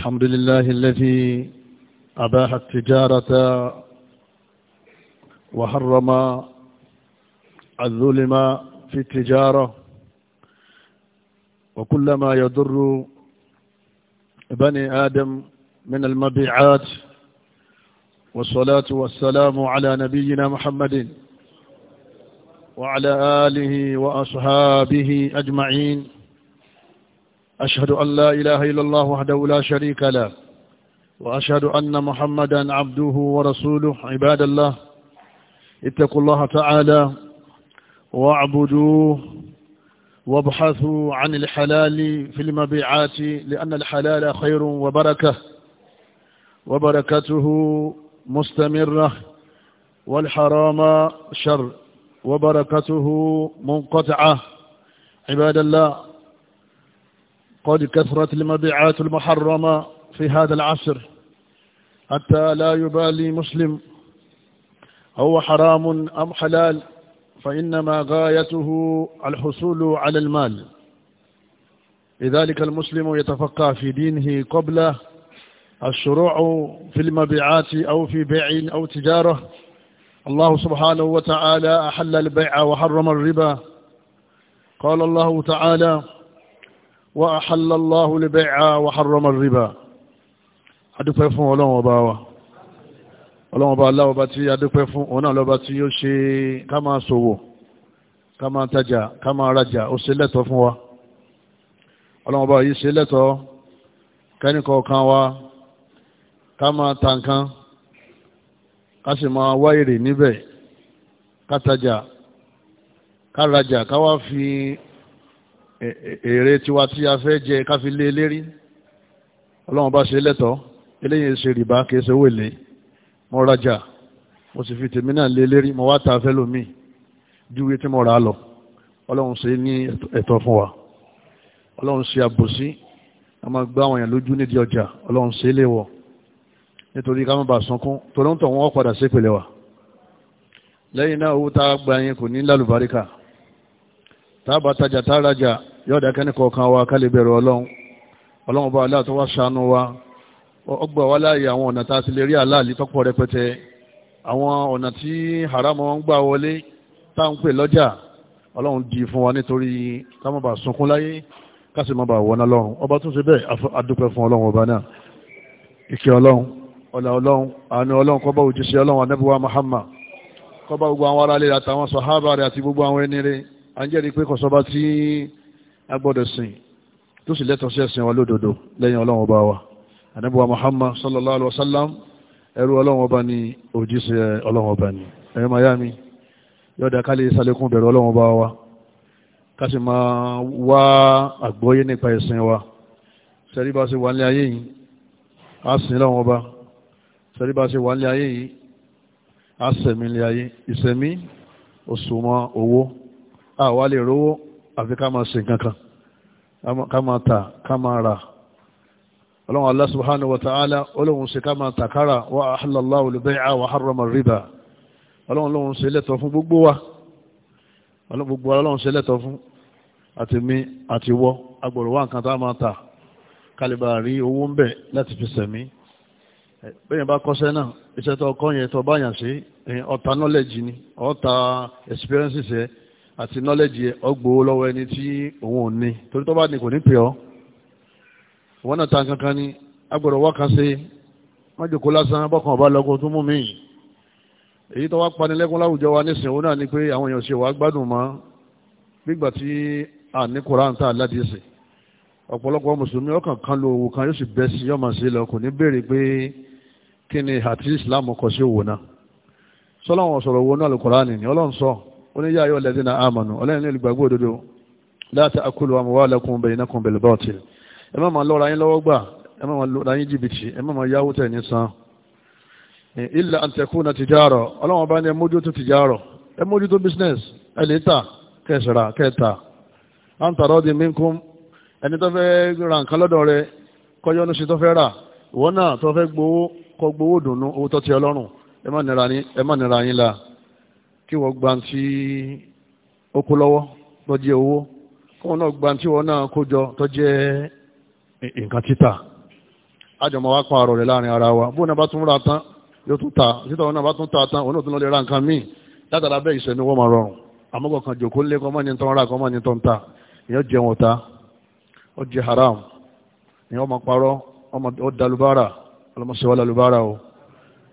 الحمد لله الذي أباح التجارة وحرم الظلم في التجارة وكل ما يضر بني آدم من المبيعات والصلاة والسلام على نبينا محمد وعلى آله وأصحابه أجمعين أشهد أن لا إله إلا الله وحده لا شريك له وأشهد أن محمدا عبده ورسوله عباد الله اتقوا الله تعالى واعبدوه وابحثوا عن الحلال في المبيعات لأن الحلال خير وبركة وبركته مستمرة والحرام شر وبركته منقطعة عباد الله قد كثرت المبيعات المحرمة في هذا العصر حتى لا يبالي مسلم هو حرام أم حلال فإنما غايته الحصول على المال لذلك المسلم يتفقى في دينه قبل الشروع في المبيعات أو في بيع أو تجارة الله سبحانه وتعالى أحل البيع وحرم الربا قال الله تعالى وأحل الله البيع وحرم الربا adúpẹ́ fún ọlọ́run ọba wa ọlọ́run ọba aláwọ̀ bá tí adúpẹ́ fún òun náà lọ́ba tí ó ṣe ká máa ṣòwò ká máa tajà ká máa rajà ó ṣe lẹ́tọ̀ọ́ fún wa ọlọ́run ọba yìí ṣe lẹ́tọ̀ọ́ kẹ́nìkọ̀ọ̀kan wa ká máa ta nǹkan ká sì máa wá èrè níbẹ̀ ká tajà ká rajà ká wá fi èrè tiwa tí a fẹ́ jẹ ká fi lé e lérí ọlọ́run bá ṣe lẹ́tọ̀ọ́ eléyìí ṣe rìbá kìí ṣe wèlé mo rajà mo sì fi tèmi náà lé e lérí mo wá ta fẹ́ lómi júwe tí mo rà á lọ ọlọ́run ṣe ní ẹ̀tọ́ fún wa ọlọ́run ṣe àbòsí a máa gbá àwọn èèyàn lójú nídìí ọjà ọlọ́run ṣe lè wọ̀ nítorí ká má bàa sunkún torí tọ̀ wọ́n padà sí wa lẹ́yìn náà owó tá a gba yẹn kò ní lálùbáríkà tá a bá tajà tá a rajà yóò dákẹ́ ní kọ̀ọ̀kan wa ká lè bẹ̀rù ọlọ́run ọlọ́run bá aláàtọ́ wá ṣàánú wa ọgbà wa láàyè àwọn ọ̀nà tá a ti lè rí aláàlí tọ́pọ̀ rẹpẹtẹ àwọn ọ̀nà tí haramu wọn gbà wọlé tá à ń pè lọ́jà ọlọ́run di fún wa nítorí ká sunkún láyé ká má bàa wọná lọ́run ọba tún ṣe bẹ́ẹ̀ adúpẹ́ fún ọlọ́run ọba náà ìkẹ́ ọlọ́run ọlá ọlọ́run àánú ọlọ́run Muhammad kó bá gbogbo àwọn aráalé àtàwọn sàhábà rẹ̀ àti gbogbo àwọn agbọ́dọ̀ sìn tó sì lẹ́tọ̀ọ́ sí ẹ̀sìn wa lódodo lẹ́yìn ọlọ́run ọba wa ànábùwà muhammad sallallahu alaihi wa sallam ẹrú ọlọ́run ọba ni òjíṣẹ́ ọlọ́run ọba ni ẹ̀rọ miami yọ̀dà ká lè ṣàlékún bẹ̀rù ọlọ́run ọba wa ká sì máa wá àgbọ́yé nípa ẹ̀sìn wa sẹ́rí bá ṣe wà ní ayé yìí á sìn ọlọ́run ọba sẹ́rí bá ṣe wà ní ayé yìí á sẹ̀mí ní ayé ìsẹ̀mí òṣùwọ̀n owó àwa lè rówó àfi ká máa ṣe nǹkan ká máa ta ká máa ra ọlọ́run Allah subhanahu wa ta'ala ọlọ́run ṣe ká máa wa riba ọlọ́run lóhun ṣe lẹ́tọ̀ fún gbogbo wa gbogbo ọlọ́run lẹ́tọ̀ mi àti wọ agbọ̀rọ̀ wá nǹkan tá máa ta kálíbà rí owó ń bẹ̀ láti fi sẹ̀mí bá ni àti nọ́lẹ́jì ọgbò lọ́wọ́ ẹni tí òun ò ní torí tó bá ní kò ní pè ọ́ náà ta kankan ni agbọ̀dọ̀ kan ṣe wọ́n lásán bọ́kàn ọba tó mú mi èyí tó wá wa nísìnyí òun náà ni pé àwọn èèyàn ṣe wàá gbádùn a ní koran tá a ládìísì ọ̀pọ̀lọpọ̀ mùsùlùmí ọkàn kan lo òwò kan yóò sì bẹ́ sí yọ́mà sí lọ kò ní béèrè pé kí ni àti Islam kọ oníyà yóò lẹ́dí na àmànù ọlẹ́yìn lè gbàgbọ́ òdodo láti akúlù amwalakum bainakum bil batil ẹ má ma lọ́ra yín lọ́wọ́ gbà ẹ má ma lọ́ra yín jìbìtì ẹ má ma yáwó tẹ̀ ní san ọlọ́wọ́n bá ní ẹ tijara ẹ business ẹ lè ta kẹta ẹni tó fẹ́ ra nǹkan lọ́dọ̀ rẹ kí wọ́n gba tí ó kó lọ́wọ́ owó kí wọ́n náà gba náà kó jọ tó nǹkan títà àjọmọ̀ wá pa ọ̀rọ̀ rẹ̀ láàrin ara wa bóun náà bá tún ra tán yóò tún ta títà wọn náà bá tún ta tán òun náà tún lè ra nǹkan míì látara bẹ́ẹ̀ wọ́n máa rọrùn kan jòkó lé tán ra tán ta èèyàn jẹ wọn ta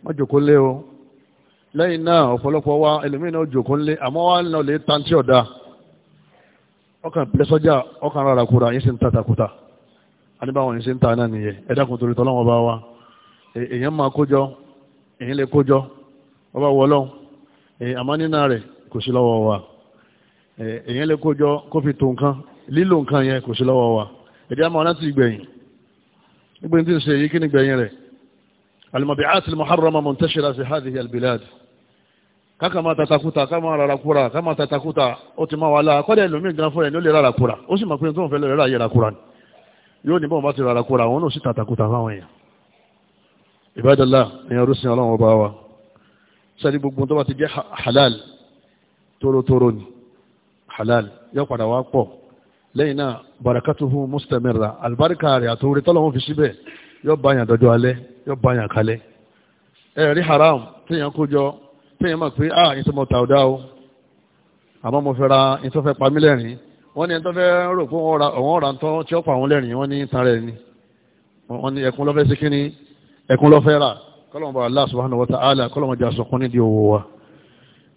ó lẹ́yìn náà ọ̀pọ̀lọpọ̀ wa ẹlòmíì náà jòkó ńlé àmọ́ wa ń lọ lè tan tí ọ̀dà ọkàn pẹ̀lẹ́sọ́jà ọkàn rárá kura yín sì ta náà nìyẹn torí bá wa èèyàn máa kójọ lè kójọ wọ́n bá wọlọ́ àmọ́ rẹ̀ kò sí lọ́wọ́ wa èèyàn lè kójọ kó fi tó nǹkan lílo nǹkan yẹn kò sí المبيعات المحرمة منتشرة في هذه البلاد kákàmá tatakuta kámá rarakura kámá tatakuta ó ti máa wà láà kọ́lẹ̀ ìlúmí gan fún ẹni ó lè rarakura ó sì mọ̀ pé tó ń fẹ́ lọ́rẹ́ ráyẹ rakura ni yóò ní bọ́n bá ti rarakura àwọn náà sì tatakuta fáwọn èèyàn ìbádọ́lá èèyàn rúsìn ọlọ́run ọba wa sẹ́ni gbogbo tó bá ti jẹ́ halal tórótóró ni halal yóò padà wá pọ̀ lẹ́yìn náà barakatuhu mustamira albarika rẹ̀ àtòwúrẹ́ tọ́lọ́wọ́n fi síbẹ̀ yóò bá yàn dọjọ́ alẹ́ yóò bá yàn kalẹ́ ẹ rí haram téèyàn kó jọ téèyàn mọ̀ pé ah ní tó mọ̀ tà ó o àmọ́ mo fẹ́ ra ní tó fẹ́ pa mí lẹ́rìn wọ́n ní ẹni tó fẹ́ rò pé òun ra tán tí ó pa òun lẹ́rìn wọ́n ní tan ni wọ́n ní ẹkún lọ́fẹ́ sí kínní ẹkún lọ́fẹ́ rà kọ́lọ́mù bá Allah subhanahu wa ta'ala kọ́lọ́mù jà sọkún nídìí owó wa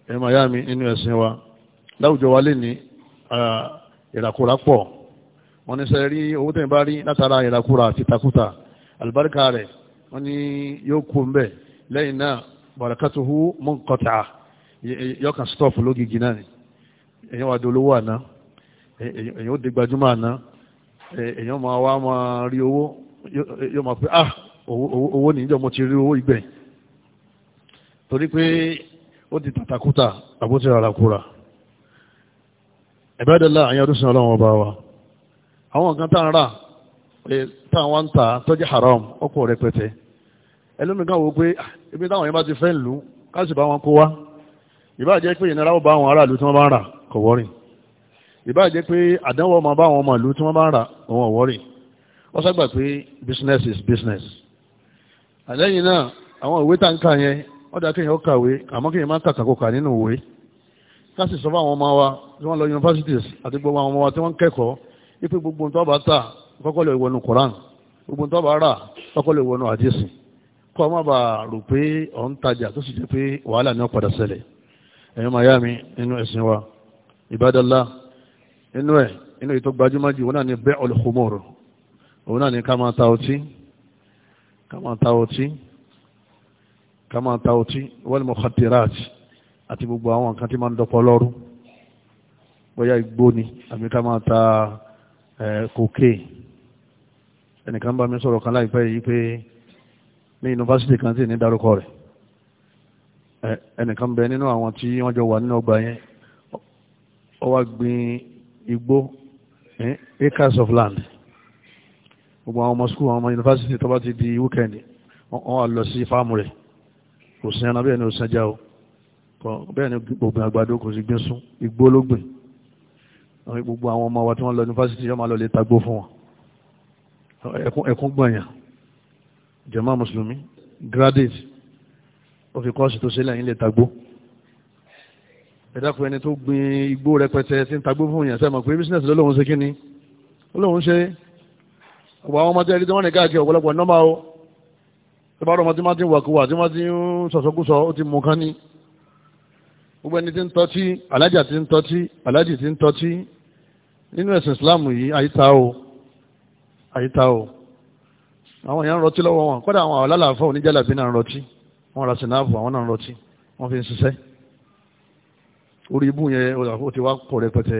ẹ̀ máa yá mi nínú ẹ̀sìn wa láwùjọ wa lè ní ìràkúrà pọ̀ wọ́n ní sẹ́ rí owó tẹ̀ bá rí látara ìràkúrà àti takúta àlùbáríkà rẹ̀ wọ́n ní yóò kú mbẹ́ lẹ́yìn náà barakatuhu munqata yóò kàn stọ́ọ̀fù lógìgì náà ni èyàn wà dolówó àná èyàn ó di gbajúmọ̀ àná èyàn máa wá máa rí owó yóò máa ah owó ni mo ti rí owó ìgbẹ̀yìn torí pé ó di tàtàkùtà àbótí àràkúra ẹ̀bẹ́dẹ́lá àyàn ọdún sin ọlọ́run ọba wa àwọn nǹkan tá ń rà táwọn wá ń ta tọ́jú haram ọkọ̀ rẹpẹtẹ ẹlòmíràn wò pé ah, ibi táwọn yẹn bá ti fẹ́ lù káṣí bá wọn kó wá ìbá jẹ́ pé ìnira ó bá àwọn aráàlú tí wọ́n bá ń rà kò wọ́rìn ìbá jẹ́ pé àdánwò ọmọ bá àwọn ọmọ ìlú tí wọ́n bá ń rà òun ọ̀wọ́rìn wọ́n sábà pé business is business àlẹ́yìn náà àwọn ìwé tá ń kà yẹn wọ́n dá kéèyàn ó kàwé àmọ́ kéèyàn má kàkàkọkà nínú ìwé ká sọ fún àwọn ọmọ wa tí wọ́n lọ universities àti gbogbo àwọn ọmọ wa tí wọ́n kẹ́kọ̀ọ́ wípé gbogbo nǹkan bá tà kọ́kọ́ lọ ìwọ̀nù koran gbogbo tó bá rà kọ́kọ́ lọ ìwọ̀nù àdìsí kọ́ má bàa rò pé ọ̀ ń tajà tó sì jẹ́ pé wàhálà ni ó padà ṣẹlẹ̀ ẹ̀yin màá mi nínú ẹ̀sìn wa ìbádọ́lá nínú ẹ̀ nínú ètò gbajúmọ́jù òun náà ni bẹ́ olùkùmọ̀rò òun náà ni ká máa ta ọtí ká máa ta ọtí ká máa ta ọtí wal mukhatirat àti gbogbo àwọn nǹkan tí máa ń dọ́pọ̀ lọ́rú bóyá igbó àbí ká máa ta kòkéè eh, ẹnìkan bá mi sọ̀rọ̀ kan láìpẹ́ yìí pé ní yunifásitì kan tí ní dárúkọ rẹ̀ ẹnìkan bẹ nínú àwọn tí wọ́n jọ wà nínú ọgbà yẹn ó wá gbin igbó acres of land gbogbo àwọn ọmọ skul àwọn ọmọ yunifásitì tó bá ti di wíkẹ́ndì wọ́n wá lọ sí fáàmù rẹ̀ kò sin ẹran bẹ́ẹ̀ ni ò sanjá o bẹ́ẹ̀ ni ògbìn àgbàdo kò sì gbin sún igbó ló gbìn gbogbo àwọn ọmọ wa tí wọ́n lọ yunifásitì yóò máa lọ lè tagbó fún wọn ẹ̀kún gbọ̀nyàn jàmá mùsùlùmí graduate ó fi kọ́ọ̀sì tó ṣe lẹ́yìn lè tagbó ẹ̀dàkùn ẹni tó gbin igbó rẹpẹtẹ tí ń tagbó fún yàn sẹ́mọ̀ pé business lọ́lọ́run ṣe kíni lọ́lọ́run ṣe kò bá wọn mọ́tẹ́ ẹni tí wọ́n ní káàkiri ọ̀pọ̀lọpọ̀ nọ́mbà o tó bá rọmọ tí wọ́n ti ń wàkúwà tí wọ́n ti ń sọ̀sọ́kúsọ ó ti mú kán ní gbogbo ẹni tí ń tọ́tí alájà tí ń tọ́tí alájì tí ń tọ́tí nínú ẹ̀sìn Islam yìí àyíká o àyíta o àwọn èèyàn ń rọtí lọ́wọ́ wọn kọ́dà àwọn àlálàáfọ́ oníjàlábí náà ń rọtí wọ́n ra sinapu àwọn náà ń rọtí wọ́n fi ń ṣiṣẹ́ orí ibú yẹn ó ti wá pọ̀ rẹpẹtẹ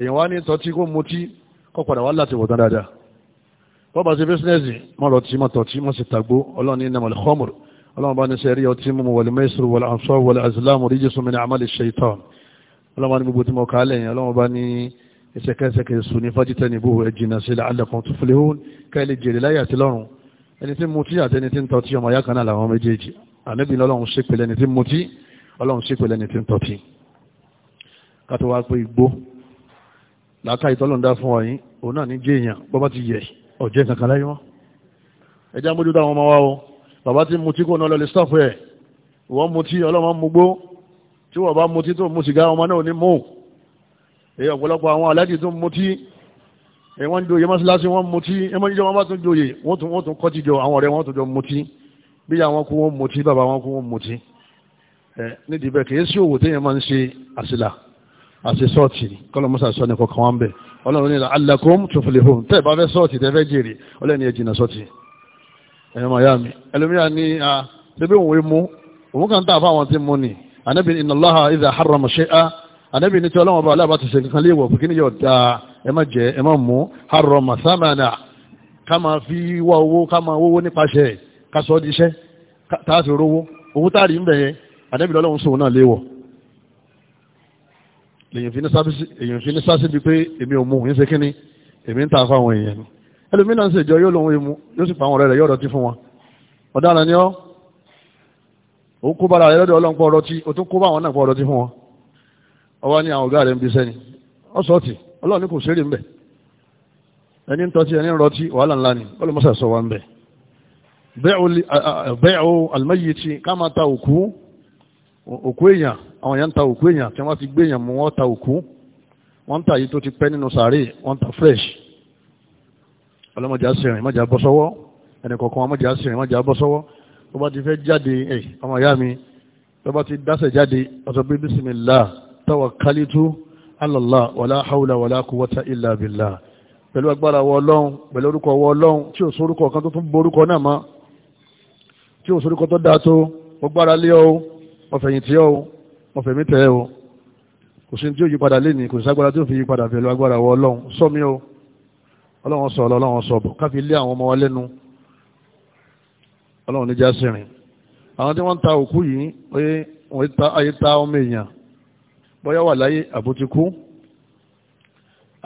èèyàn wá ní tọ́tí kó mutí kọ́ padà wá láti wọ̀ tán dáadáa bọ́ba ṣe bísínẹ́sì mọ́ rọtí mọ́ tọ́tí mọ́ sì tàgbó ọlọ́run ní sẹ́ ẹsẹ̀kẹsẹ̀ kì í sùn ní fájítẹ́ níbú ẹ̀jìnà sí la'allakum tuflihun kẹ́lẹ̀ jèrè láyé àti lọ́run ẹni tí mutí àti ẹni tí ń tọ́tí ọmọ ayá kan náà làwọn méjèèjì ànábì lọ́lọ́run ṣe pẹ̀lẹ́ ẹni tí mutí ọlọ́run ṣe pẹ̀lẹ́ ẹni tí ń tọ́tí kátó wá pé igbó látà ìtọ́lọ́ndá fún ọyìn òun náà ní jẹ́ èèyàn bọ́ bá ti yẹ ọ̀jẹ́ kankan láyé wọn ẹjá mójútó àwọn ọmọ wa o bàbá tí kò náà lọ ẹ̀ wọ́n mú tí wọ́n èyí ọ̀pọ̀lọpọ̀ àwọn aláàjì tó ń mutí èyí wọ́n ń joyè mọ́síláṣí wọ́n mutí ẹmọ níjọ́ wọn bá tún joyè wọ́n tún wọ́n tún kọ́ jíjọ àwọn ọ̀rẹ́ wọn tún jọ mutí bí àwọn kú wọn mutí bàbá wọn kú wọn mutí ẹ nídìí bẹ́ẹ̀ kìí sí òwò téèyàn máa ń ṣe àṣìlà àṣì sọ́ọ̀tì kọ́lọ́mọ́sà sọ ní kọ̀ọ̀kan wọn bẹ̀ ọlọ́run ní alákòóm tuflihun tẹ́ ẹ̀ bá fẹ́ sọ́ọ̀tì tẹ́ fẹ́ jèrè ọlọ́run yẹn jìnnà sọ́ọ̀tì ẹ̀yọ́ mayami ẹlòmíyà ní a ṣe bí òun wé mú òun kàn ń tà fáwọn tí mú ni anábìrin inna Allaha idha harrama shay'a ànábì ní tí ọlọ́wọ́n bá aláàbá ti ṣe kankan léèwọ̀ pé kí ni yóò da ẹ má jẹ ẹ má mú harọ masamana ká máa fi wá owó ká máa wówó nípasẹ̀ ká sọ di iṣẹ́ tá a sì rówó owó tá a rí ń bẹ̀yẹ ànábì lọ́lọ́run sòun náà léèwọ̀ èyàn fi ní sásìbí pé èmi ò mú òun ṣe kíní èmi ń ta fáwọn èèyàn ni ẹlòmínà ń ṣèjọ yóò lóun emu yóò sì pa àwọn ọ̀rẹ́ rẹ̀ yóò dọ̀tí fún wọn ọ̀daràn ni ọ́ òun kó bára rẹ̀ lọ́dọ̀ ọlọ́run pọ̀ ọ̀rọ̀ tí ó kó bá àwọn náà pọ̀ ọ̀rọ̀ fún wọn ọwọ́ ní àwọn ọ̀gá rẹ̀ ń bí sẹ́ni ọ̀sọ̀ọ̀tì ọlọ́ọ̀ni kò sérè ń ẹni ń tọ́tí ẹni ń rọtí wàhálà ńlá ni ọlọ́mọṣà sọ wa ń bẹ̀ bẹ́ẹ̀ù almayiti ká máa ta òkú òkú èèyàn àwọn èèyàn ń ta òkú èèyàn tí wọ́n ti gbé èèyàn mú wọ́n ta òkú wọ́n ń ta yìí tó ti pẹ́ nínú sàárè wọ́n ń ta fresh ọlọ́mọdé àṣìrìn mọ́jà bọ́ sọ́wọ́ ẹnì kọ̀ọ̀kan ọmọdé àṣìrìn mọ́jà bọ́ sọ́wọ́ tó bá ti fẹ́ jáde ẹ̀ ọmọ ìyá tawakkalitu ala Allah wala hawla wala quwwata illa billah pẹ̀lú agbára wọ ọlọ́run pẹ̀lú orúkọ wọ ọlọ́run tí ò sórúkọ kan tó tún borúkọ náà mọ́ tí ò sórúkọ tó dáa tó mo gbára lé ọ mo fẹ̀yìn tì ọ mo fẹ̀mí tẹ̀ ọ kò sí tí ò yípadà lénìí kò sí agbára tí ò fi yípadà pẹ̀lú agbára wọ ọlọ́run sọ mi ọlọ́run sọ ọlọ́run sọ bọ̀ káfí lé àwọn ọmọ wa lẹ́nu ọlọ́run níjà sí àwọn tí wọ́n ń ta òkú yìí ayé ta ọmọ èèyàn bọ́yá wà láyé àbótí kú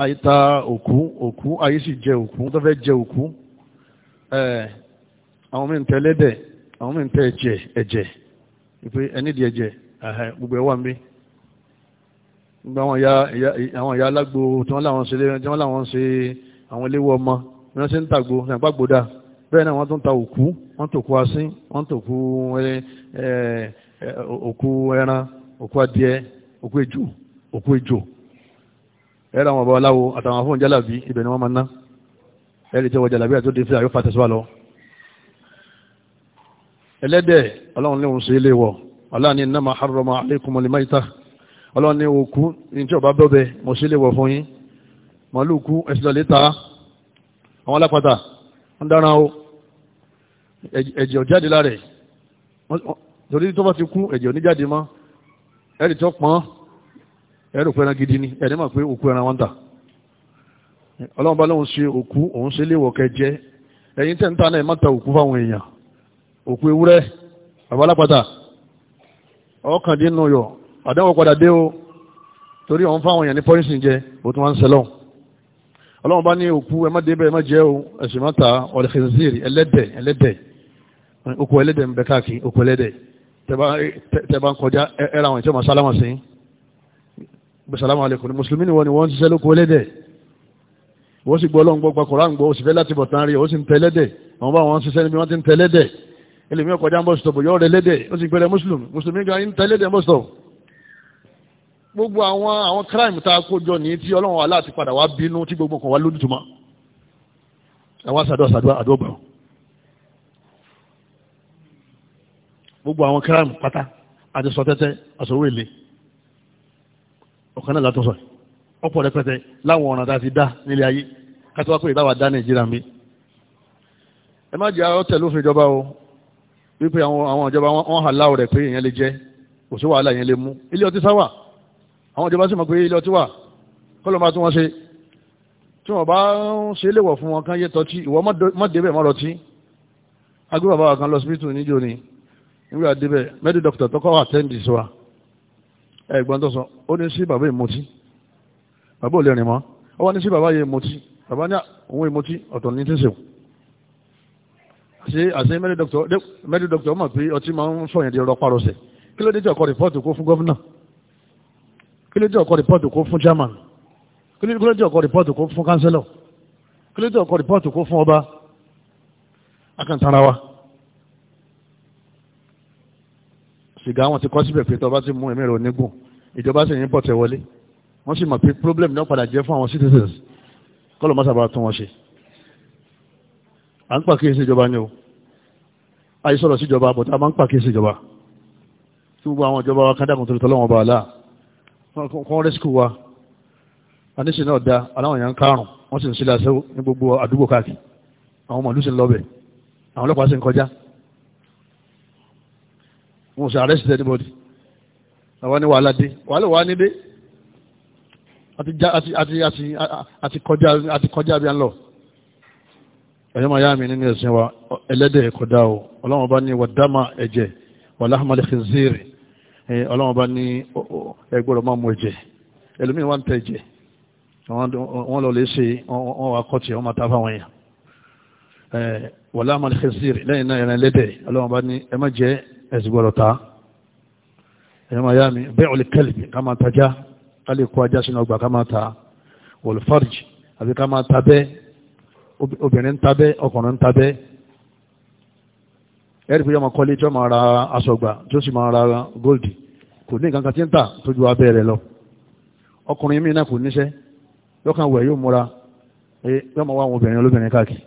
àyíta òkú òkú ayé sì jẹ òkú tó fẹ́ jẹ òkú àwọn mí ń tẹ lẹ́dẹ̀ àwọn mí ń tẹ ẹ̀jẹ̀ ẹ̀jẹ̀ ìpè ẹnídìí ẹ̀jẹ̀ gbogbo ẹ̀ wà ń bí gbogbo àwọn ìyá alágbo tí wọ́n láwọn ṣe tí wọ́n láwọn ṣe àwọn eléwọ́ ọmọ bí wọ́n ṣe ń tàgbo ní àgbàgbódà bẹ́ẹ̀ náà wọ́n tún ta òkú wọ́n tòkú asín wọ́n tòkú ẹran òkú adìẹ òkú ejò òkú ejò ẹ̀rọ àwọn ọba aláwo àtàwọn afọ́n jálàbí ibẹ̀ ni wọ́n máa ná ẹ̀rì tí wọ́n jálàbí àti òde fílà yóò fà tẹ̀síwá lọ. ẹlẹ́dẹ̀ ọlọ́run léwu sí ilé wọ̀ aláàní innama harrama alaykum al-mayta ọlọ́run ní òkú ní tí ọba bẹ́ọ̀bẹ mo sí ilé wọ̀ fún yín màálù kú ẹ̀sìn lọ́lẹ́ ta àwọn alápàtà ń dára o ẹ̀jẹ̀ ò jáde lára ẹ̀ torí tó bá ti kú ẹ̀jẹ̀ ò ní jáde mọ́ ẹ̀rì tó pọ́n ẹ̀rì òkú ẹran gidi ni ẹ̀rì máa pé òkú ẹran wọn tà ọlọ́run bá lóun ṣe òkú òun ṣe léwọ̀ kẹjẹ ẹ̀yin tẹ̀ ń ta náà ẹ̀ má ta òkú fáwọn èèyàn òkú ewúrẹ́ àbálápàtà ọkàndínú yọ àdéhùn padà dé o torí àwọn fáwọn èèyàn ní pọ́ìsìn jẹ ó tún wá ń sẹlọ́n ọlọ́run bá ní òkú ẹ má débẹ̀ ẹ má jẹ́ o ẹ̀sìn má ta ọ̀lẹ́kẹ̀nsìrì ẹlẹ́dẹ̀ ẹlẹ́dẹ̀ òkú ẹlẹ́dẹ̀ ń bẹ káàkiri òkú ẹlẹ́dẹ̀ tẹ́bá ń kọjá ẹ̀rọ àwọn ìjọba sálámà sí gbèsàlámà alẹ́kùn ní mùsùlùmí ni wọ́n ni wọ́n ń ṣiṣẹ́ lóko ẹlẹ́dẹ̀ wọ́n sì gbọ́ ọlọ́run gbọ́ gbàkọ̀rọ̀ àǹgbọ́ òsì fẹ́ láti bọ̀ tán rí ó sì ń tẹ́lẹ́dẹ̀ àwọn bá wọn ṣiṣẹ́ níbi wọ́n ti ń tẹ́lẹ́dẹ̀ ẹlẹ́mí ọkọjá ń bọ̀ sọ̀tọ̀ yọ́ rẹ̀ lẹ́dẹ̀ ó sì gbẹ̀rẹ̀ mùsùlùmí mùsùlùmí gan ń tẹ́lẹ́dẹ̀ bọ̀ sọ̀tọ̀ gbogbo àwọn àwọn crime tá a kó jọ ní tí ọlọ́run aláàtí padà wá bínú tí gbogbo kan wá lójútùmọ́ àwọn àṣàdọ́ gbogbo àwọn kíráàmù pátá àti sọtẹ́tẹ́ àsọ̀rọ̀ èlé ọ̀kan náà látọ̀sọ̀ ọ̀pọ̀ rẹpẹtẹ láwọn ọ̀ràn tá a ti dá nílé ayé kátó wá pé ìdáwà dá nàìjíríà mi ẹ má jẹ́ àwọn tẹ̀lé òfin ìjọba o wípé àwọn ìjọba wọn hà láwọ̀ rẹ̀ pé èèyàn lè jẹ kò sí wàhálà yẹn lè mú ilé ọtí sáwà àwọn ìjọba sì mọ̀ pé ilé ọtí wà kọ́lọ́ máa tún wọn ṣe tí wọ́n bá ń ṣe léwọ̀ fún wọn kán yé tọ́tí ìwọ mọ́ débẹ̀ mọ́ lọ́tí agbébàbà kan lọ síbítù níjó ni nígbà débẹ̀ mẹ́dí dọ́kítà tọ́kọ́ wà tẹ́ǹdì sí wa ẹ̀gbọ́n tó sọ ó ní sí bàbá ìmọ̀tí bàbá ò lè rìn mọ́ ó wá ní sí bàbá yẹ ìmọ̀tí bàbá ní òun ìmọ̀tí ọ̀tọ̀ ní tẹ̀sẹ̀ ṣe àṣẹ mẹ́dí dọ́kítà ọmọ pé ọtí máa ń sọ̀yìn di rọparọsẹ̀ kí ló dé tí ọkọ rìpọ́ọ̀tù kó fún gọ́fúnà kí ló dé ọkọ rìpọ́ọ̀tù kó fún chairman kí ló dé ọkọ rìpọ́ọ̀tù kó fún kánsẹ́lọ̀ kí ló dé ọkọ rìpọ́ọ̀tù kó fún ọba sìgá wọn ti kọ́ síbẹ̀ pé tọba ti mú ẹ̀mí rẹ̀ onígùn ìjọba sì ní bọ̀tẹ̀ wọlé wọ́n sì mọ̀ pé problem náà padà jẹ́ fún àwọn citizens kọ́lọ̀ má sábà tún wọn ṣe à ń pàkíyèsí ìjọba ni o àyè sọ̀rọ̀ síjọba bọ̀tá a máa ń pàkíyèsí ìjọba tí gbogbo àwọn ìjọba wa kádà mọ̀tò tọ́lọ́wọ́n bá aláà kọ́ rẹ́síkù wa aníṣe náà da aláwọn èèyàn karùn-ún wọ́n sì ń sílẹ̀ àṣẹ ní gbogbo àdúgbò káàkiri àwọn mọ̀lú sì ń lọ́bẹ̀ àwọn ọlọ́pàá sì ń kọjá wọn sì arrest anybody àwa ní wàhálà dé wàhálà wà ní dé àti àti àti àti kọjá àti kọjá bí a ń lọ ẹ̀yọ́ máa yá mi nínú ẹ̀sìn wa ẹlẹ́dẹ̀ kọjá o ọlọ́run bá ní wàdámà ẹ̀jẹ̀ wà láhàmàlẹ̀ kìzìrì ọlọ́run bá ní ẹgbọ́rọ̀ máa mú ẹ̀jẹ̀ ẹlòmíràn wà ń tẹ ẹ̀jẹ̀ wọ́n lọ lè ṣe wọ́n wà kọ́tì wọ́n máa ta fáwọn èèyàn wà láhàmàlẹ̀ lẹ́yìn náà ẹ̀rẹ̀ ẹlẹ́dẹ̀ ọlọ́run bá ní ẹ má jẹ ẹ̀sìn gbọ́dọ̀ ta ẹ̀yìn máa yá mi bẹ́ẹ̀ ò lè kẹ́lìbì ká máa tajá ká lè kó ajá sínú ọgbà ká máa ta olùfàrìjì àbí ká máa ta bẹ́ẹ̀ obìnrin ń ta bẹ́ẹ̀ ọkùnrin ń ta bẹ́ẹ̀ ẹ̀rí pé ọmọ kọ́lé tí ó máa ra aṣọ ọgbà tí ó sì máa ra góòlì kò ní nǹkan kan tí ń tà tó ju abẹ́ rẹ̀ lọ ọkùnrin mi náà kò níṣẹ́ lọ́kàn wẹ̀ yóò múra yóò wá àwọn obìnrin olóbìnrin káàkiri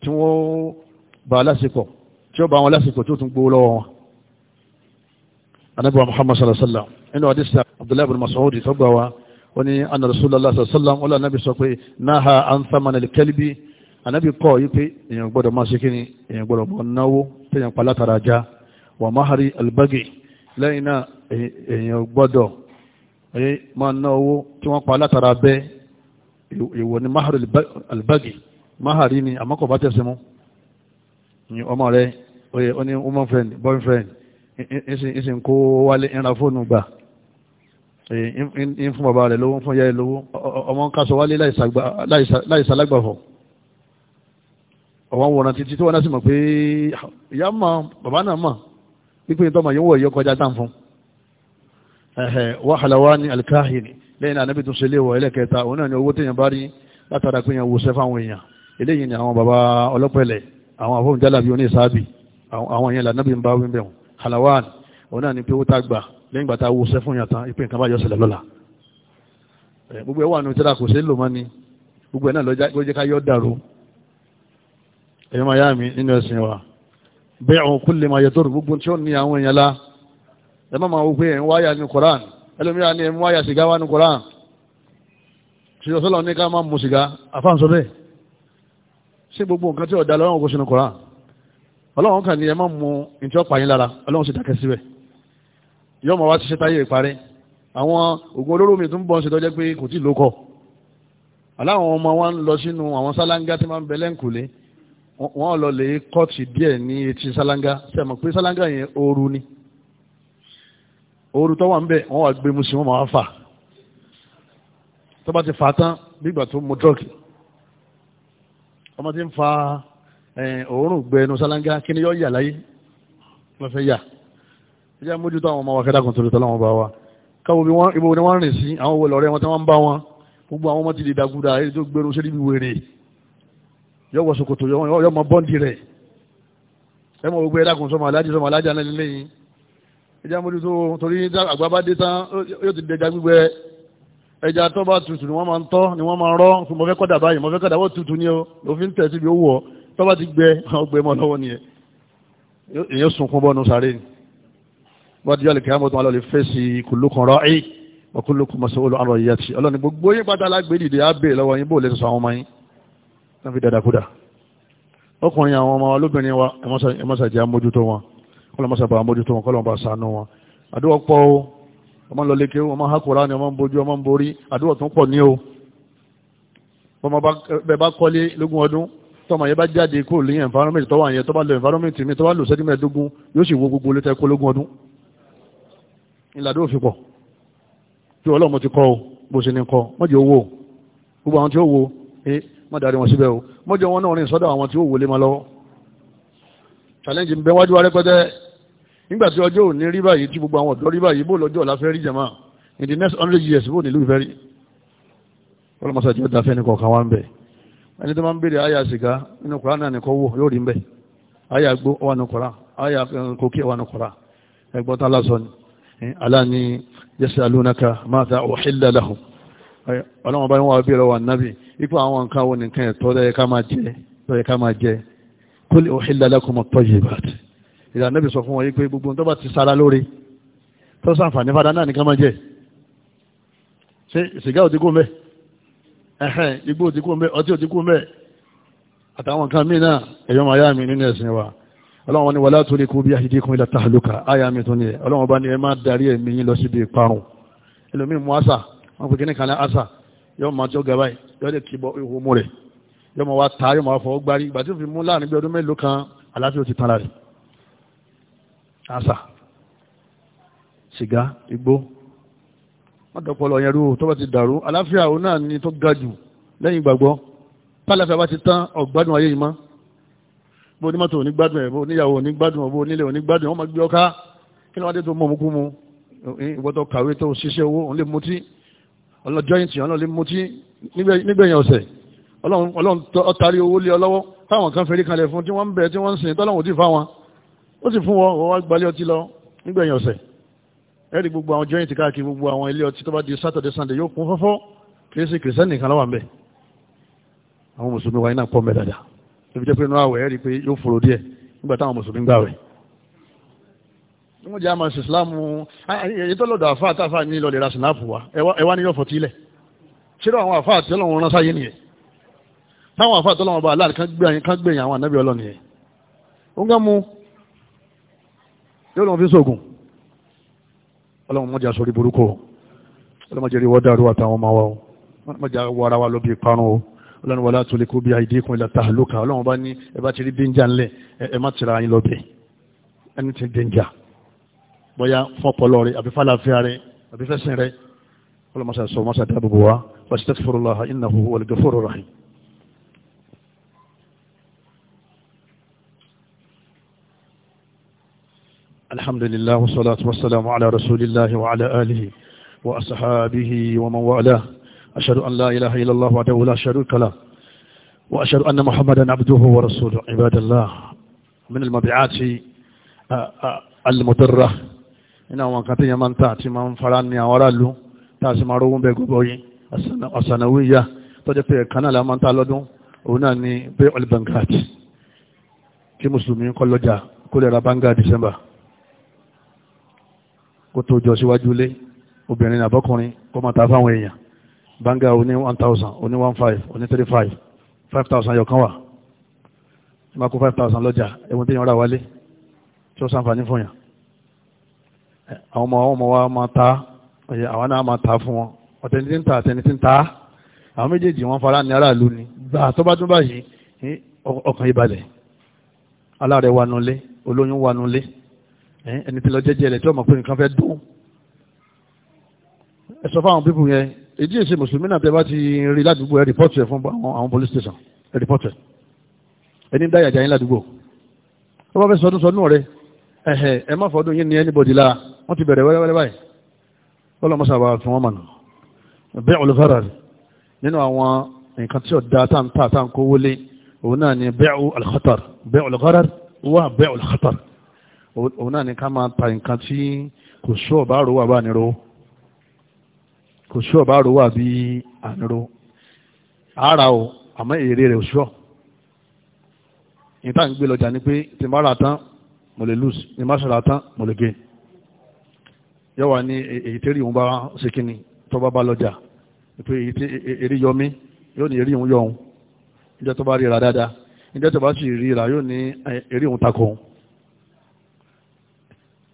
tí wọ́n bá lásìkò tí ó bá wọn lásìkò tó tún gbówó lọ́wọ́ wọn anabiwa muhammad sallallahu alaihi wasallam inú hadisa abdullahi bin masoud tó gbà wá ó ní anna rasulullah sallallahu alaihi wasallam ó lọ anabi sọ pé náà an thamana al-kalbi anabi kọ́ yí pé èèyàn gbọ́dọ̀ máa ṣe kíni èèyàn gbọ́dọ̀ mọ́ náwó tẹ́yàn palátara já wà mahari albagi lẹ́yìn náà èèyàn gbọ́dọ̀ máa náwó tí wọ́n palátara bẹ́ ìwọ̀ ni mahari albagi mahari ni àmọ́kọ̀ bá tẹ̀sí mú ọmọ rẹ̀ woman friend boyfriend ìsìn kó wálé ìran fóònù gbà ń fún bàbá rẹ̀ lówó fún ìyá rẹ̀ lówó ọmọ ń kásọ wálé láìsàlágbàfọ̀ ọ̀wọ́n wòran títí tí wọ́n náà sì mọ̀ pé ìyá mọ̀ bàbá náà mọ̀ pípé ìtọ́mọ yóò wọ̀ yọ kọjá tán fún wàhálà wá ní alkahiri lẹ́yìn ànábì tó ṣe léwọ̀ ẹlẹ́kẹta òun náà ni owó téèyàn bá rí látara pé yẹn wo sẹ́fà àwọn èèyàn eléyìí ni àwọn bàbá ọlọ́pẹ̀lẹ̀ àwọn àfọ̀njálàbí oníṣàábì àwọn yẹn lànàbì ń bá wí bẹ̀rùn halawan ona ni pé ó tá gbà lẹ́yìn gbà tá wo sẹ́ fún yàtàn ìpín nǹkan bá yọ sílẹ̀ lọ́la gbogbo ẹ̀ wà nù tíra kò sí lò mọ́ ni gbogbo ẹ̀ náà ló jẹ́ ká yọ dàrú ẹ̀yọ́ máa yá mi nínú ẹ̀sìn wa bẹ́ẹ̀ ọ̀hún kúlẹ̀ máa yẹtọ́rù gbogbo tí ó ní àwọn èèyàn lá ẹ má máa wípé ẹ̀ń wáyà ní koran ẹlòmíràn ní ẹ̀ń wáyà sìgá wá ní koran ṣùgbọ́n sọ́lọ́ ní ká máa mú sìgá àfáàsọ bẹ́ẹ̀ ṣé gbogbo nǹkan tí ọ̀dà lọ́wọ́ kò sínú koran ọlọ́run kàn ní ẹ má mu ìtí ọ̀pá yín lára ọlọ́run sì dákẹ́ síbẹ̀ yóò mọ̀ wá ti ṣe táyé ìparí àwọn oògùn olóró mi tún bọ́ ṣe tọ́jẹ́ pé kò tí ì lókọ̀ aláwọn ọmọ wa ń lọ sínú àwọn sálángá tí máa ń bẹ lẹ́ǹkùlé wọ́n lọ lè kọ́ọ̀tì díẹ̀ ní etí sálángá ṣe mọ̀ pé sálángá yẹn ooru ni ooru tó wà ń bẹ̀ wọ́n wà gbé mu sí wọ́n máa fà tó bá ti fà tán nígbà tó mu dọ́ọ̀kì òórùn gbẹnu sálángá kí ni yọ yà láyé wọ́n fẹ́ yà ẹ jẹ́ mójútó àwọn ọmọ wa kẹ́dà kan torí tọ́lọ́wọ́n bá wa káwọ́ bí wọ́n ibo ni wọ́n rìn sí àwọn owó lọ́rẹ́ wọn tí wọ́n ń bá wọn gbogbo àwọn ọmọ ti di dàgúdà èyí tó gbèrú sí ibi wèrè yọ wọ ṣòkòtò yọ mọ bọ́ǹdì rẹ̀ ẹ mọ gbogbo ẹ̀dá kan sọmọ aláàjì sọmọ aláàjì alẹ́ nílé yìí ẹ jẹ́ mójútó torí àgbà bá dé tán yóò ti dẹja gbígbẹ ẹja tó bá tutù ni wọ́n máa ń tọ́ ni wọ́n máa ń rọ́ mo fẹ́ kọ́dà báyìí mo fẹ́ kọ́dà wọ́n tutù ni o lófin tẹ̀ síbi ó wù tó bá ti gbẹ ọgbẹ mọ́ lọ́wọ́ ni ẹ èyàn sunkún bọ́nu sáré ni wọ́n ti yọ lẹ́kẹ́ àmọ́ tó wọn lọ lè fẹ́ sí kullukum ra'i wa kullukum mas'ulun 'an ra'iyyati ọlọ́ni gbogbo yín pátá alágbé dìde á bè lọ́wọ́ yín bó lè sọ àwọn ọmọ yín náà fi dàdàkúdà ọkùnrin àwọn ọmọ olóbìnrin wa ẹmọ́sàjẹ́ amójútó wọn kọlọmọsàbà amójútó wọn kọlọmọba sànú wọn àdúwọ̀ pọ̀ o ọmọ lọ lékè ọmọ hakùnrà ni ọmọ ń bojú ọmọ ń borí àdúwọ̀ tún pọ̀ ní o bọ́mọ bẹ bá kọ́lé lógún ọdún tọ́mọ yẹn bá jáde kó lè environment tọ́wọ́ àyẹn tọ́ bá lọ environment mi tọ́ bá lò sẹ́dí mẹ́ẹ̀ẹ́dógún yóò sì wo gbogbo létẹ́ kólógún ọdún ìlàdó òfin pọ̀ tí ọlọ́mọ ti kọ́ o bó ṣe ní kọ́ mọ́jọ owó gbogbo àwọn tí ó wo ẹ eh, má darí wọn síbẹ̀ o mọ́jọ wọn náà rìn sọ́dọ̀ àwọn tí ó wo lé ma lọ́wọ́ challenge ń bẹ wájú wa rẹpẹtẹ nígbà tí ọjọ́ òní rí báyìí tí gbogbo àwọn ọ̀dọ́ rí báyìí bó lọ́jọ́ ọ̀la fẹ́ rí jẹ̀mọ́ in the next hundred years bó nílùú ìfẹ́ rí ọlọ́mọṣáájú ọ̀dà fẹ́ni kọ̀ọ̀kan wá ń bẹ̀ ẹni tó máa ń bèèrè àyà sìgá nínú kòrán náà nìkan wò yóò rí ń bẹ̀ àyà gbó wà ní kòrán àyà kòkí wà ní kòrán ẹgbọ́n tá lásọ ni aláàní yasalunaka máta uhilla lahum ọlọ́wọ́n bá ń wà bí ọwà nábì ipò lakum at-tayyibat ìlà nábì sọ fún wọn yí pé gbogbo tó bá ti sara lórí tó sàǹfààní fada ẹ̀hẹ́n igbó ti kú mẹ́ ọtí ò ti kú mẹ́ àtàwọn kan mí náà ẹ̀yọ́ máa yá mi nínú ẹ̀sìn wa ọlọ́run ni wà látòrí kú bí àṣìdí kún ilẹ̀ tààlùkà áyà mi tó ní ẹ̀ ọlọ́run bá ní ẹ máa darí ẹ̀mí yín lọ síbi ìparun ẹlòmíì mú àṣà wọn kò kíní kan àṣà yóò máa tó gaba yìí yóò lè kí bọ ihò mú rẹ̀ yóò máa wá ta yóò máa fọwọ́ gbárí ìgbà tí ó fi mú mọ́tọ̀pọ̀lọ̀ yẹn rú tó bá ti dàrú àláfíà òun náà ni tó ga jù lẹ́yìn ìgbàgbọ́ tálàfíà bá ti tán ọ̀gbádùn ayé yìí mọ́ bó ní mọ́tò onígbádùn ẹ̀ bó níyàwó onígbádùn bó nílé onígbádùn wọ́n máa gbé ọká kí ló wá dé tó mọ̀ mukú mu ìwọ́tọ̀ kàwé tó ṣiṣẹ́ owó òun lè mutí ọlọ́jọ́yìntì ọ̀nà lè mutí nígbẹ̀yìn ọ̀sẹ̀ ọlọ́run ọ̀tàrí owó lé ọlọ́wọ́ táwọn kan fẹ́rí kalẹ̀ fún tí ẹ̀rí gbogbo àwọn joint káàkiri gbogbo àwọn ilé ọtí tó bá di saturday sunday yóò kún fọ́fọ́ kìrìsì kìrìsìtẹ́nì nìkan lọ́wọ́ mbẹ́ àwọn mùsùlùmí wa iná pọ̀ mbẹ́ dada ibi jẹ́ pé inú àwẹ̀ ẹ̀rí pé yóò fòrò díẹ̀ nígbà táwọn mùsùlùmí gbà wẹ̀. wọ́n jẹ́ àmọ́ ìsìlámù èyí tó lọ́dọ̀ àfa àtàfà ní lọ́lẹ̀ ra sinapu wa ẹ wá ní yọ̀fọ̀ tílẹ̀ ṣírò àwọn àfa àti ọlọ́run rán sáyé nìyẹn táwọn àfa ọlọ́run mọ́jà sórí burúkú ọlọ́run mọ́jà rí wọ́n dàrú àtàwọn ọmọ wa ọlọ́run mọ́jà wọ ara wa lóbi ìparun o ọlọ́run wọlé àtòlẹ́kù bí àìdíkùn ilẹ̀ tàlùkà ọlọ́run bá ní ẹ bá ti rí dẹ́njà ńlẹ̀ ẹ má tira yín lọ́bẹ̀ ẹni ti dẹ́njà bóyá fọ́pọ̀lọ́ rẹ àbí fàlàfíà rẹ àbí fẹ́sìn rẹ ọlọ́run mọ́jà sọ mọ́jà dábòbò wa wàṣítẹ́sì fúrúlọ́ الحمد لله والصلاة والسلام على رسول الله وعلى آله وأصحابه ومن والاه أشهد أن لا إله إلا الله وحده لا شريك له وأشهد أن محمدا عبده ورسوله عباد الله من المبيعات المضرة iná wọn kan tí yẹn máa ń tà tí máa ń fara ní àwọn aráàlú tá a sì máa rówó ń bẹ gbogbo yìí ọ̀sànàwíyà tó jẹ́ pé ẹ̀ka náà la máa ń tà lọ́dún òun náà ni pé olùbẹ̀ǹkàtì kí mùsùlùmí kọ́ lọ́jà kó lè ra báńgà December kó tó jọ síwájú lé obìnrin àbọ́kùnrin kó máa ta fáwọn èèyàn báńgá oní one thousand oní one five oní three five five thousand yọ̀kan wà ẹ kó five thousand lọ́jà ẹ̀wọ̀n tí yẹn rà wálé tí ó sàǹfààní fún yàn àwọn ọmọ àwọn ọmọ wa máa ta àwọn náà máa ta fún wọn ọ̀tẹ̀ni tí ń ta àtẹni tí ń ta àwọn méjèèjì wọn fara ní aráàlú ni gbà tó bá tún báyìí ọkàn ìbalẹ̀ aláàrẹ̀ wà olóyún wà ẹni tí lọ jẹ́jẹ́ rẹ̀ tí ọmọ pé nǹkan fẹ́ dùn ẹ sọ fáwọn pípù yẹn èdè èsè mùsùlùmí náà tẹ bá ti rí ládùúgbò ẹ rìpọ́tù ẹ fún àwọn police station ẹ rìpọ́tù ẹ ẹni dá ìyàjà yín ládùúgbò ó bá fẹ́ sọdún sọdún rẹ ẹ̀hẹ̀ ẹ má fọdún yín ní anybody lára wọ́n ti bẹ̀rẹ̀ wẹ́rẹ́wẹ́rẹ́ báyìí ọlọ́mọṣà bá fún wọn mọ̀nà bẹ́ẹ̀ olùfẹ́ra nínú àwọn nǹkan tí ó da táǹtà táǹkó wọlé òun náà ni bẹ́ẹ̀ olùkọ́tàr bẹ́ẹ̀ olùkọ́tàr wà bẹ́ẹ̀ olùkọ́tàr òun náà ni ká máa ta nǹkan tí kò sú ọ̀bá àrówà bá níró kò sú ọ̀bá àrówà bí àníró ara o àmọ́ èrè rẹ̀ òṣùọ̀ ìta ń gbé lọ́jà ni pé tí má ra tán mo lè lose tí má ṣọ̀ra tán mo lè gain yọ́wà ní e-, èyí tí rí òun bá ṣe kíni tó bá bá lọ́jà pé èyí tí e-, èrè yọ mí yóò ní èrè òun yọ òun ìjọ tó bá rí ra dáadáa ìjọ tó bá sì rí ra yóò ní e-, èrè òun takò òun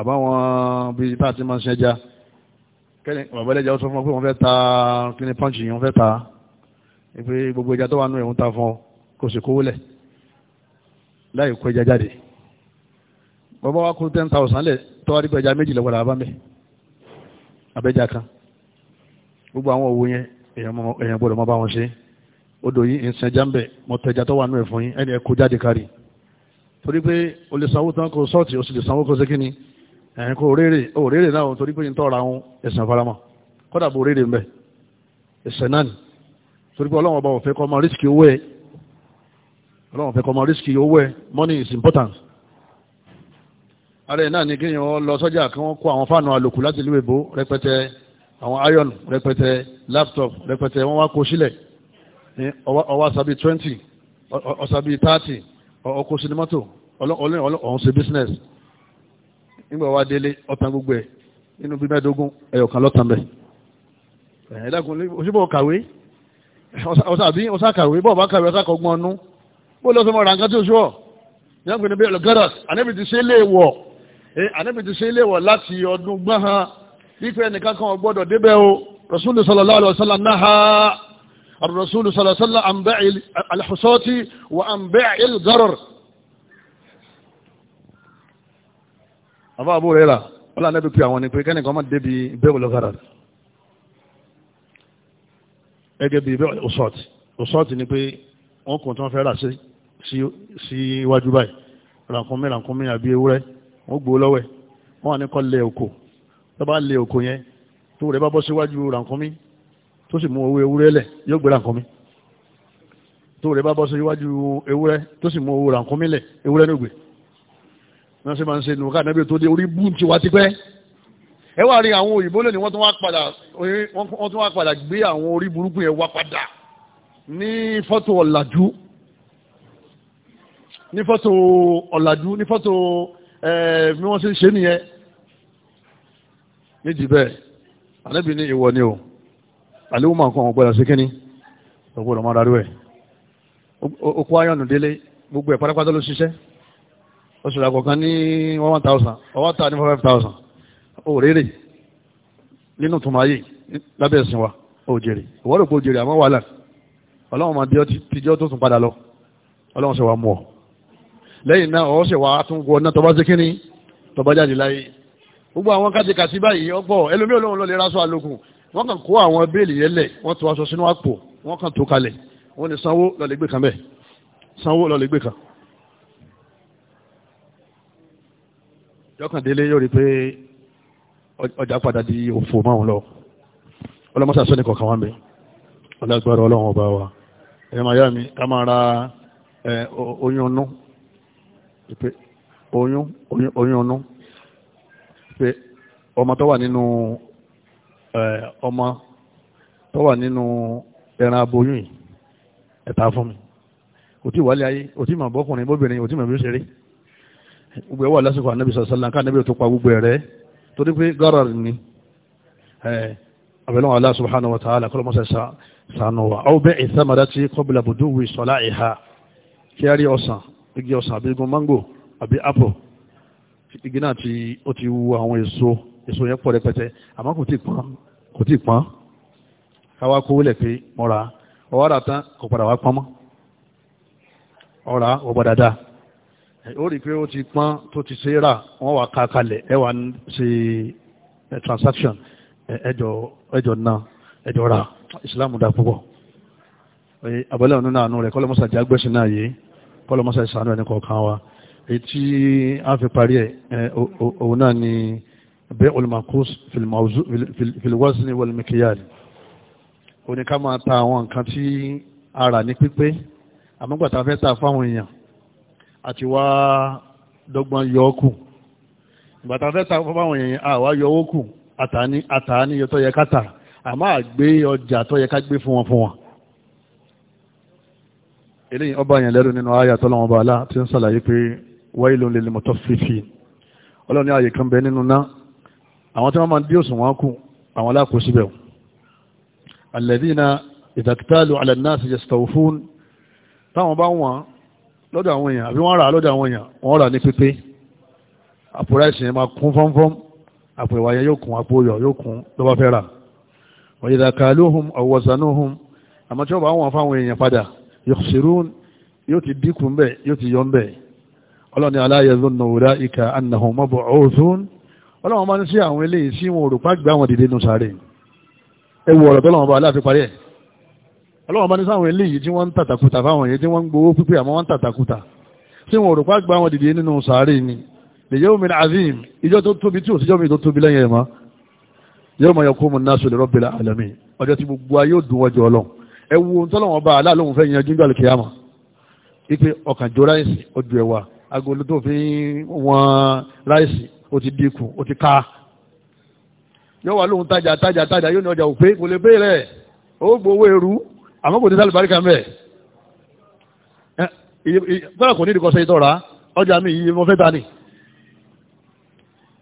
àbáwọn bíi bá ti máa ń ṣẹja kẹ́ni bàbá ẹlẹ́jà ó sọ fún ọ pé wọ́n fẹ́ ta kíni pọ́ǹchì yìí wọ́n fẹ́ ta pé gbogbo ẹja tó wà nù ẹ̀ ń ta fún ọ kò sì kówó lẹ̀ láì kó ẹja jáde bàbá wa kó ten thousand lẹ̀ tọ́wá dípò ẹja méjì lọ́wọ́ làbá mẹ́ abẹ́jà kan gbogbo àwọn òwò yẹn èèyàn gbọ́dọ̀ mọ́ bá wọn ṣe odò yìí ń sẹjá ń bẹ̀ mọ́tẹ́jà tó wà nù ẹ̀ fún ẹ̀yìn kò rèrè òrèrè náà torí pé tọ́ra ohun ẹ̀sìn faramọ́ kọ́dà bò rèrè mbẹ̀ ẹ̀sìn náà ni torí pé ọlọ́wọ́n ọba òfẹ́ kọ́ ọmọ rísíkì owó ẹ̀ ọlọ́wọ́n òfẹ́ kọ́ ọmọ rísíkì owó ẹ̀ money is important ara ẹ̀ náà ni kéèyàn lọ sọ́jà kí wọ́n kó àwọn fáànù àlòkù láti ìlú èbó rẹpẹtẹ àwọn iron rẹpẹtẹ laptop rẹpẹtẹ wọ́n wá kó sílẹ̀ ọwọ́ àṣàbí twenty ọ̀ṣàbí thirty ọkọ̀ sinimọ́tò ọ̀hún nígbà wá délé ọ̀tàn gbogbo ẹ̀ nínú bí mẹ́ẹ̀ẹ́dógún ẹ̀yọ̀kan lọ́tàn bẹ̀ ẹ̀ẹ́dàgùn òṣìbọ̀ kàwé ọ̀sàbí ọ̀sàkàwé bọ́ọ̀ bá kàwé ọ̀sàkọ̀gbọ́n ọ̀nú bó lọ́sọ mọ́ ràǹkan tí ó ṣúọ̀ yẹn pè ní bí ọ̀gáràs ànábì ti ṣe léèwọ̀ ànábì ti ṣe léèwọ̀ láti ọdún gbọ́n han wípé ẹnìkan kan gbọ́dọ̀ débẹ̀ o rasulu sallallahu alaihi wasallam àbá àbúrò rẹ̀ là wọ́n là nẹ́bí pé àwọn ni pé kẹ́nìkan má débi bẹ́ẹ̀ lọ́gàrà gẹ́gẹ́ bí bẹ́ẹ̀ ọ̀sọ́ọ̀tì ọ̀sọ́ọ̀tì ni pé wọ́n kò tán fẹ́ rà sí iwájú báyìí rànkúnmí rànkúnmí àbí ewúrẹ́ wọ́n gbó lọ́wẹ̀ wọ́n wà ní kọ́ lé òkò tó bá lé òkò yẹn tó rẹ̀ bá bọ́ síwájú rànkúnmí tó sì mú owó ewúrẹ́ lẹ̀ yóò gbé rànkúnmí tó rẹ̀ bá bọ́ síwájú ewúrẹ́ tó sì mú owó rànkúnmí lẹ̀ ewúrẹ́ ní ògbè náà ṣe máa ń ṣe nù ká nàbí tó dé orí bú ti wá ti pẹ́ ẹ wá rí àwọn òyìnbó lónìí wọ́n tún wá padà wọ́n tún wá padà gbé àwọn orí burúkú yẹn wá padà ní fọ́tò ọ̀làjú ní fọ́tò ọ̀làjú ní fọ́tò bí wọ́n ṣe ń ṣe nìyẹn níjì bẹ́ẹ̀ ànábì ní ìwọ ni o àléwò máa kọ́ àwọn ọ̀gbọ́dọ̀ sí kínní ọ̀gbọ́dọ̀ máa darú ẹ̀ okú ayọ̀nù délé gbogbo ẹ̀ pátápátá ló ṣiṣẹ́ oṣù àkọ́kàn ní one thousand ọwọ́ ta ní five thousand ó rèrè nínú tó máa yè lábẹ́ ẹ̀sìn wa ó jèrè ìwọ́n rò pé ó jèrè àmọ́ wàhálà ọlọ́run máa díọ́ tíjọ́ tó tún padà lọ ọlọ́run ṣe wà mú ọ lẹ́yìn náà ọ̀ọ́ ṣe wà á tún wọ náà tọba ṣe kínní tọba jáde láyé gbogbo àwọn kájíkàsí báyìí ọgbọ́ ẹlòmí olóhùn ló lè ráṣọ àlòkù wọ́n kàn kó àwọn béèlì yẹn lẹ̀ wọ́n tó aṣọ sínú àpò wọ́n kàn tó kalẹ̀ wọ́n ní sanwó lọ́lẹ́gbẹ̀kan bẹ́ẹ̀ sanwó lọ́lẹ́gbẹ̀kan yọkàndínlé yóò rí pé ọjà padà di òfò máa ń lọ ọlọ́mọsà sọ́ni kọ̀ọ̀kan wá mi ọlọ́gbọ́rọ̀ ọlọ́run ọba wa ẹ̀yọ́ máa yá mi ká máa ra oyún ọnú pé oyún oyún ọnú pé ọmọ tó wà nínú ọmọ tó wà nínú ẹran aboyún yìí ẹ̀ta fún mi kò wàlẹ̀ ayé kò tí bóbìnrin kò tí ó ṣe gbogbo ẹwà lásìkò ànábì sàṣàlá ká ànábì tó pa gbogbo ẹ̀rẹ́ torí pé gọ́rọ̀ ni àbẹ̀lọ́wọ̀ Allah subhanahu wa ta'ala kọlọmọsẹ̀ sànù a rí ọsàn igi ọsàn àbí igun mango àbí apple igi náà tí ó ọ̀rá ọ̀bọ̀ ó rí i pé ó ti pọ́n tó ti ṣe é rà wọ́n wà ká kalẹ̀ ẹ wà ń ṣe transaction ẹjọ ẹjọ náà ẹjọ ra Islam dá púpọ̀ abọ́lẹ̀ ọ̀nà náà nù rẹ̀ kọ́lọ́mọ́sá jẹ́ agbẹ́sìn náà yìí kọ́lọ́mọ́sá ìsànú ẹni kọ̀ọ̀kan wa ètí a fi parí ẹ̀ òun náà ni bẹ́ẹ̀ olùmọ̀kús fìlìwọ́sìn wọlùmíkìyàlì oníkà máa ta àwọn nǹkan tí a rà ní pípé àmọ́gbàtà fẹ́ ta fáwọn èèyàn àti wá dọ́gbọ́n yọ kù ìbàtà fẹ́ ta fọ́fáwọn èèyàn àwa yọwó kù àtàní àtàní yọ tó yẹ ká tà àmọ́ àgbé ọjà tó yẹ ká gbé fún wọn fún wọn eléyìí ọba yẹn lẹ́rù nínú ayé àtọ́lọ́wọ́n bàálá tí ń sàlàyé pé wailun lil mutaffifin ọlọ́ni ààyè kan bẹ nínú náà àwọn tí wọ́n máa ń dí òṣùwọ̀n kù àwọn aláàkó síbẹ̀ alladhina idha iktalu ala an lọ́dọ̀ àwọn èèyàn àbí wọ́n rà lọ́dọ̀ àwọn èèyàn wọ́n rà ní pípé àpò ráìsì yẹn máa kún fọ́nfọ́n àpò ìwà yẹn yóò kún àpò yọ̀ yóò kún ló bá fẹ́ rà wọ́n yìí dàkà lóhùn ọ̀wọ̀sánóhùn àmọ́ tí wọ́n bá wọn fáwọn èèyàn padà yọ̀ṣirún yóò ti dínkù ń bẹ̀ yóò ti yọ ń bẹ̀ ọlọ́ni aláyẹ̀zọ́ nùwúrà ìkà ànàhùn mọ́bọ̀ ọ̀ọ́sùn ọlọ́wọ́n máa ń sí àwọn eléyìí sí wọn òrùpá gbà wọn dìde nù sáré ẹ wọ ọ̀rọ̀ tọ́lọ́wọ́n bá aláàfin parí ẹ̀ ọlọ́wọ́n bá ní sáwọn eléyìí tí wọ́n ń tàtàkùtà fáwọn èyí tí wọ́n ń gbowó pípé àmọ́ wọ́n ń tàtàkùtà tí wọn òrùpá gba wọn dìde nínú sàárè ni liyawmin azim ìjọ tó tóbi tí òsíjọ́ mi tó tóbi lẹ́yìn ẹ̀mọ́ yawma yaqumu nnasu li rabbil alamin ọjọ́ tí gbogbo ayé ò dùn wọ́jọ́ ọlọ́ ẹ wo ohun tọ́lọ́wọ́n bá aláàlóhun fẹ́ yanjú nígbà kíyàmá ipe ọkàn jó ráìsì ojú ẹ̀wà agolo tó fi wọn ráìsì ó ti dínkù ó ti ká yóò wà lóhun tájà tájà tájà yóò àmọ́ kò ní sálì baríkà mẹ́ gbọ́dọ̀ kò ní ìdíkọ́sẹ́ ìtọ́ra ọjà mi yìí mo fẹ́ ta ni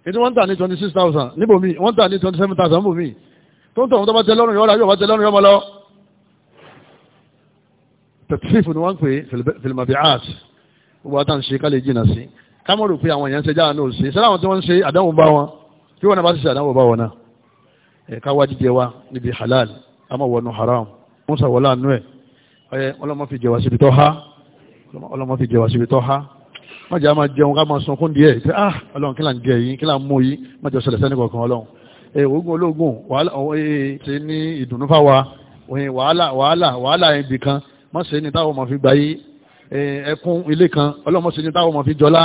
ètò wọ́n tà ní twenty six thousand níbo mi wọ́n tà ní twenty seven thousand níbo mi tó ń tọ̀ wọ́n tó bá tẹ lọ́rùn yọ̀ọ́ la yóò bá tẹ lọ́rùn yọ̀ọ́ mọ́ lọ. tẹ̀tífù ni wọ́n ń pè fìlìmọ̀bìáàt gbogbo àtàn ṣe ká lè sí kámọ́rù pé àwọn èèyàn ṣe jáà náà ṣe sẹ́láwọn tí wọ́n ṣe àdánwò bá wọn tí wọ́n bá ṣe àdánwò bá wọn náà ká wá jíjẹ wa níbi halal àmọ́ wọnú haram Musa sàwọ́ láàánú ẹ̀ ọyẹ ọlọ́mọ fi jẹ̀wà síbi tọ́ ha ọlọ́mọ fi jẹ̀wà síbi tọ́ ha má jẹ́ a máa jẹun ká máa sunkún díẹ̀ pé ah ọlọ́run kí là ń jẹ yìí kí là ń mú yìí má jẹ́ ọ̀sẹ̀lẹ̀ sẹ́ni kọ̀ọ̀kan ọlọ́run oògùn ológun wàhálà ṣe ní ìdùnnú fáwa wàhálà wàhálà wàhálà ibì kan má ṣe ní táwọn ọmọ fi gbà yí ẹkún ilé kan ọlọ́mọ ṣe ní táwọn ọmọ fi jọlá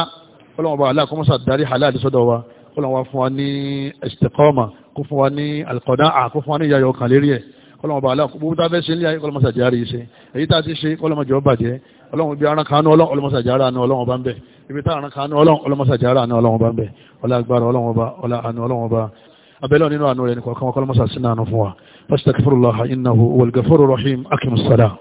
ọlọ́run ọba àlá kọ́mọ́sà darí halal sọ́dọ̀ wa ọlọ́run wa fún wa ní istiqama kó fún wa ní alqada kó fún wa ní ìyàyọ̀ kan lérí kọlọmọba aláàkú gbogbo tá a fẹ́ ṣe nílé ayé kọlọmọsà járe ṣe èyí tá a ti ṣe kọlọmọjọ bàjẹ́ ọlọ́run ibi aran kanú ọlọ́run ọlọmọsà járe àánú ọlọ́run ọba ń bẹ ibi tá aran kanú ọlọ́run ọlọmọsà járe àánú ọlọ́run ọba ń bẹ ọlá agbára ọlọ́run ọba ọlá àánú ọlọ́run ọba abẹ́lẹ́ nínú àánú